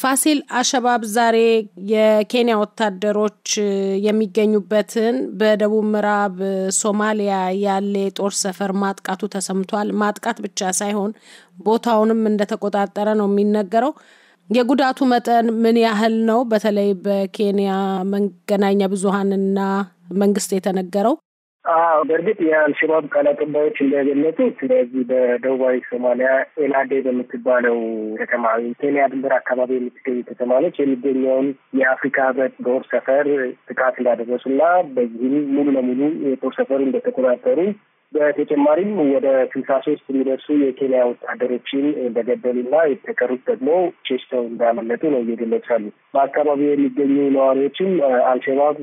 ፋሲል አሸባብ ዛሬ የኬንያ ወታደሮች የሚገኙበትን በደቡብ ምዕራብ ሶማሊያ ያለ የጦር ሰፈር ማጥቃቱ ተሰምቷል። ማጥቃት ብቻ ሳይሆን ቦታውንም እንደተቆጣጠረ ነው የሚነገረው። የጉዳቱ መጠን ምን ያህል ነው? በተለይ በኬንያ መገናኛ ብዙሃንና መንግስት የተነገረው አዎ በእርግጥ የአልሸባብ ቃል አቀባዮች እንደገለጹት በዚህ በደቡባዊ ሶማሊያ ኤላዴ በምትባለው ከተማ ኬንያ ድንበር አካባቢ የምትገኝ ከተማ ነች የሚገኘውን የአፍሪካ ህብረት ጦር ሰፈር ጥቃት እንዳደረሱና በዚህም ሙሉ ለሙሉ የጦር ሰፈሩ እንደተቆጣጠሩ በተጨማሪም ወደ ስልሳ ሶስት የሚደርሱ የኬንያ ወታደሮችን እንደገደሉና የተቀሩት ደግሞ ሸሽተው እንዳመለጡ ነው እየገለጹ ያሉት። በአካባቢው የሚገኙ ነዋሪዎችም አልሸባብ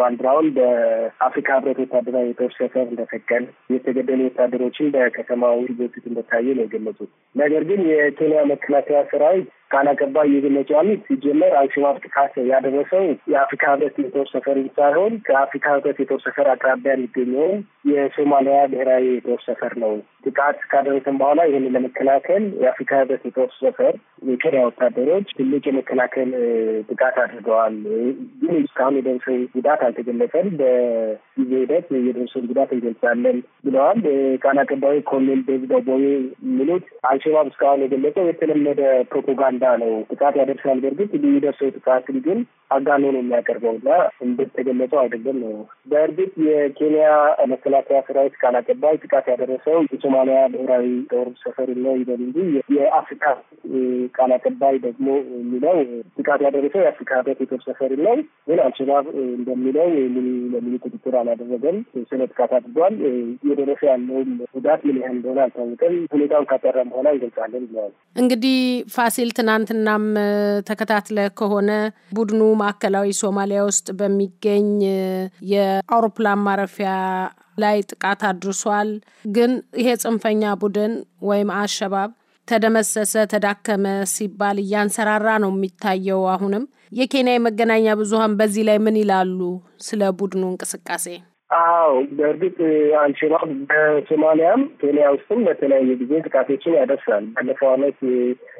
ባንዲራውን በአፍሪካ ህብረት ወታደራዊ የጦር ሰፈር እንደሰቀል፣ የተገደሉ ወታደሮችን በከተማው ፊት ለፊት እንደታየ ነው የገለጹት። ነገር ግን የኬንያ መከላከያ ሰራዊት ቃል አቀባይ የገለጹ አሚት ሲጀመር አልሸባብ ጥቃት ያደረሰው የአፍሪካ ህብረት የጦር ሰፈር ሳይሆን ከአፍሪካ ህብረት የጦር ሰፈር አቅራቢያ የሚገኘውን የሶማሊያ ብሔራዊ የጦር ሰፈር ነው። ጥቃት ካደረሰን በኋላ ይህንን ለመከላከል የአፍሪካ ህብረት የጦር ሰፈር የኬንያ ወታደሮች ትልቅ የመከላከል ጥቃት አድርገዋል። ግን እስካሁን የደረሰው ጉዳት አልተገለጸም። በጊዜ ሂደት የደረሰውን ጉዳት እንገልጻለን ብለዋል። ቃል አቀባዩ ኮሎኔል ዴቪድ ኦቦዬ የሚሉት አልሸባብ እስካሁን የገለጸው የተለመደ ፕሮፓጋንዳ ነው። ጥቃት ያደርሳል። በእርግጥ የሚደርሰው ጥቃትን ግን አጋኖ ነው የሚያቀርበው እና እንደተገለጸው አይደለም ነው። በእርግጥ የኬንያ መከላከያ ሰራዊት ቃል አቀባይ ጥቃት ያደረሰው የሶማሊያ ብሔራዊ ጦር ሰፈር ነው ይበል እንጂ የአፍሪካ ቃል አቀባይ ደግሞ የሚለው ጥቃት ያደረሰው የአፍሪካ ህብረት የጦር ሰፈር ነው፣ ግን አልሸባብ እንደሚለው ሙሉ ለሙሉ ቁጥጥር አላደረገም። ስለ ጥቃት አድርጓል። የደረሰ ያለውም ጉዳት ምን ያህል እንደሆነ አልታወቀም። ሁኔታውን ካጠራ በኋላ ይገልጻለን ብለዋል። እንግዲህ ፋሲል ትናንትናም ተከታትለ ከሆነ ቡድኑ ማዕከላዊ ሶማሊያ ውስጥ በሚገኝ የአውሮፕላን ማረፊያ ላይ ጥቃት አድርሷል። ግን ይሄ ጽንፈኛ ቡድን ወይም አሸባብ ተደመሰሰ፣ ተዳከመ ሲባል እያንሰራራ ነው የሚታየው። አሁንም የኬንያ የመገናኛ ብዙኃን በዚህ ላይ ምን ይላሉ ስለ ቡድኑ እንቅስቃሴ? አዎ በእርግጥ አልሸባብ በሶማሊያም ኬንያ ውስጥም በተለያየ ጊዜ ጥቃቶችን ያደርሳል። ባለፈው ዓመት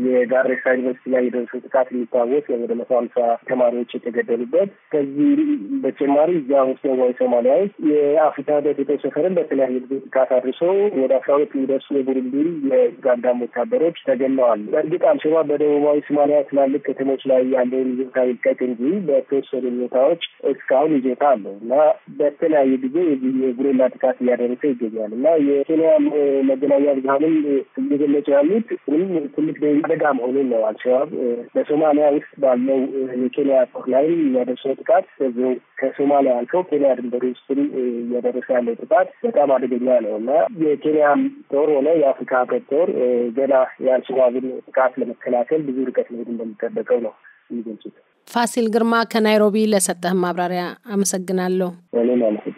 የጋሬሳ ዩኒቨርሲቲ ላይ የደረሰው ጥቃት የሚታወስ ወደ መቶ ሀምሳ ተማሪዎች የተገደሉበት፣ ከዚህ በተጨማሪ እዚያው ደቡባዊ ሶማሊያ ውስጥ የአፍሪካ ህብረት ሰፈርን በተለያየ ጊዜ ጥቃት አድርሶ ወደ አስራ ሁለት የሚደርሱ የቡሩንዲ የኡጋንዳም ወታደሮች ተገለዋል። በእርግጥ አልሸባብ በደቡባዊ ሶማሊያ ትላልቅ ከተሞች ላይ ያለውን ይዞታ ይልቀቅ እንጂ በተወሰኑ ቦታዎች እስካሁን ይዞታ አለው እና በተለያየ ጊዜ የጉሬላ ጥቃት እያደረሰ ይገኛል እና የኬንያ መገናኛ ብዙሀንም እየገለጹ ያሉት ምንም ትልቅ አደጋ መሆኑን ነው። አልሸባብ በሶማሊያ ውስጥ ባለው የኬንያ ጦር ላይ እያደረሰው ጥቃት ከሶማሊያ አልፈው ኬንያ ድንበር ውስጥም እያደረሰ ያለው ጥቃት በጣም አደገኛ ነው እና የኬንያ ጦር ሆነ የአፍሪካ ህብረት ጦር ገና የአልሸባብን ጥቃት ለመከላከል ብዙ ርቀት መሄድ እንደሚጠበቀው ነው የሚገልጹት። ፋሲል ግርማ ከናይሮቢ ለሰጠህ ማብራሪያ አመሰግናለሁ። እኔም አመሰግናለሁ።